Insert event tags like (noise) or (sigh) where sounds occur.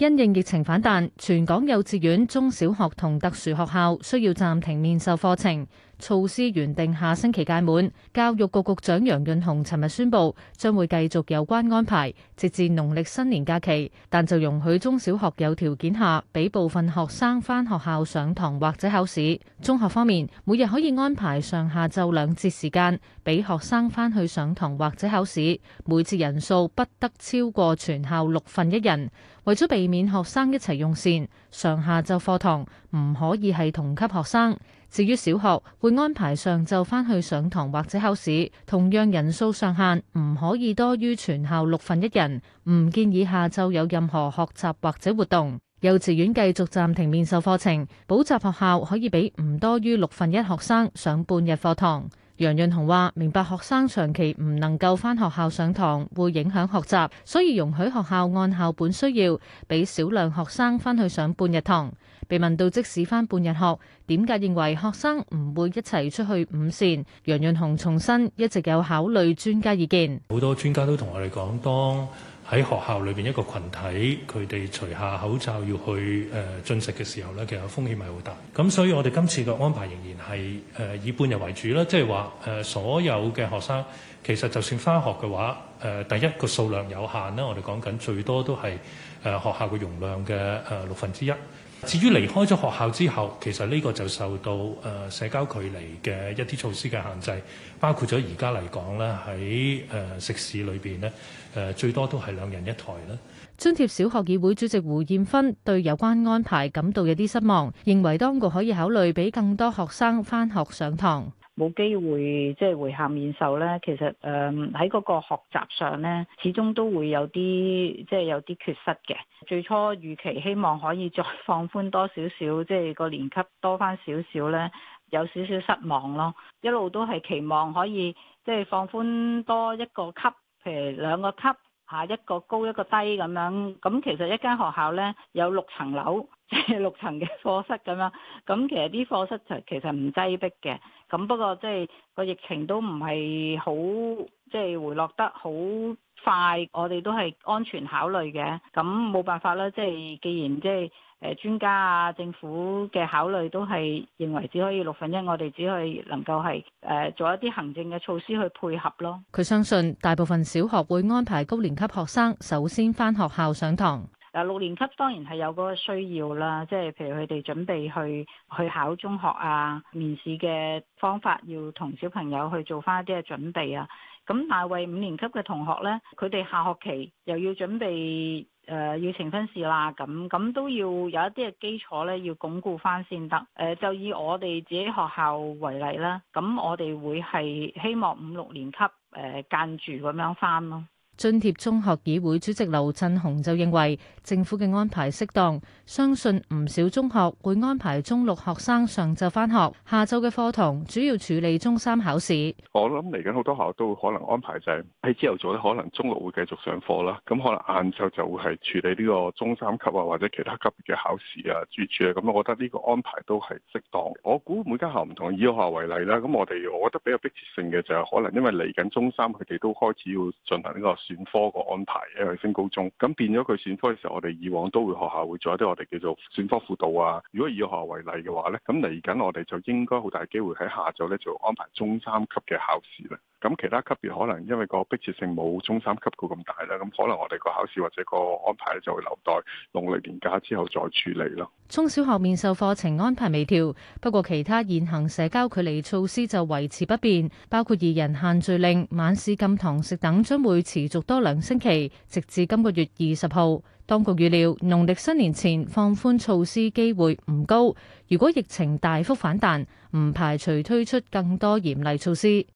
因應疫情反彈，全港幼稚園、中小學同特殊學校需要暫停面授課程。措施原定下星期屆滿，教育局局長楊潤雄尋日宣布，將會繼續有關安排，直至農曆新年假期。但就容許中小學有條件下，俾部分學生返學校上堂或者考試。中學方面，每日可以安排上下晝兩節時間，俾學生返去上堂或者考試。每節人數不得超過全校六分一人。為咗避免學生一齊用膳，上下晝課堂唔可以係同級學生。至於小學，會安排上晝翻去上堂或者考試，同樣人數上限唔可以多於全校六分一人。唔建議下晝有任何學習或者活動。幼稚園繼續暫停面授課程，補習學校可以俾唔多於六分一學生上半日課堂。楊潤雄話：明白學生長期唔能夠翻學校上堂會影響學習，所以容許學校按校本需要，俾少量學生翻去上半日堂。被問到即使翻半日學，點解認為學生唔會一齊出去午膳？楊潤雄重申一直有考慮專家意見，好多專家都同我哋講，當喺學校裏邊一個群體，佢哋除下口罩要去誒、呃、進食嘅時候咧，其實風險係好大。咁所以我哋今次嘅安排仍然係誒、呃、以半日為主啦，即係話誒所有嘅學生其實就算返學嘅話。誒第一個數量有限啦，我哋講緊最多都係誒學校嘅容量嘅誒六分之一。至於離開咗學校之後，其實呢個就受到誒社交距離嘅一啲措施嘅限制，包括咗而家嚟講咧，喺誒食肆裏邊咧，誒最多都係兩人一台啦。津貼小學議會主席胡燕芬對有關安排感到有啲失望，認為當局可以考慮俾更多學生返學上堂。冇機會，即係、就是、回校面授呢，其實誒喺嗰個學習上呢，始終都會有啲即係有啲缺失嘅。最初預期希望可以再放寬多少少，即係個年級多返少少呢，有少少失望咯。一路都係期望可以即係、就是、放寬多一個級，譬如兩個級。下一個高一個低咁樣，咁其實一間學校呢，有六層樓，即 (laughs) 係六層嘅課室咁樣，咁其實啲課室就其實唔擠逼嘅，咁不過即係個疫情都唔係好，即係回落得好快，我哋都係安全考慮嘅，咁冇辦法啦。即係既然即係誒專家啊，政府嘅考慮都係認為只可以六分一，我哋只係能夠係誒做一啲行政嘅措施去配合咯。佢相信大部分小學會安排高年級學生首先翻學校上堂。嗱六年級當然係有嗰個需要啦，即係譬如佢哋準備去去考中學啊，面試嘅方法要同小朋友去做翻一啲嘅準備啊。咁但係為五年級嘅同學呢，佢哋下學期又要準備誒、呃、要呈分試啦，咁咁都要有一啲嘅基礎呢，要鞏固翻先得。誒、呃、就以我哋自己學校為例啦，咁我哋會係希望五六年級誒、呃、間住咁樣翻咯。津貼中學議會主席劉振雄就認為，政府嘅安排適當，相信唔少中學會安排中六學生上晝翻學，下晝嘅課堂主要處理中三考試。我諗嚟緊好多學校都會可能安排就係喺朝頭早咧，可能中六會繼續上課啦，咁可能晏晝就會係處理呢個中三級啊或者其他級別嘅考試啊、住處啊，咁我覺得呢個安排都係適當。我估每間校唔同，以我學校為例啦，咁我哋我覺得比較迫切性嘅就係可能因為嚟緊中三，佢哋都開始要進行呢個選科個安排，因為升高中，咁變咗佢選科嘅時候，我哋以往都會學校會做一啲我哋叫做選科輔導啊。如果以學校為例嘅話呢，咁嚟緊我哋就應該好大機會喺下晝呢就安排中三級嘅考試啦。咁其他級別可能因為個迫切性冇中三級嘅咁大啦，咁可能我哋個考試或者個安排就會留待農曆年假之後再處理咯。中小學面授課程安排微調，不過其他現行社交距離措施就維持不變，包括二人限聚令、晚市禁堂食等，將會持續多兩星期，直至今個月二十號。當局預料農曆新年前放寬措施機會唔高，如果疫情大幅反彈，唔排除推出更多嚴厲措施。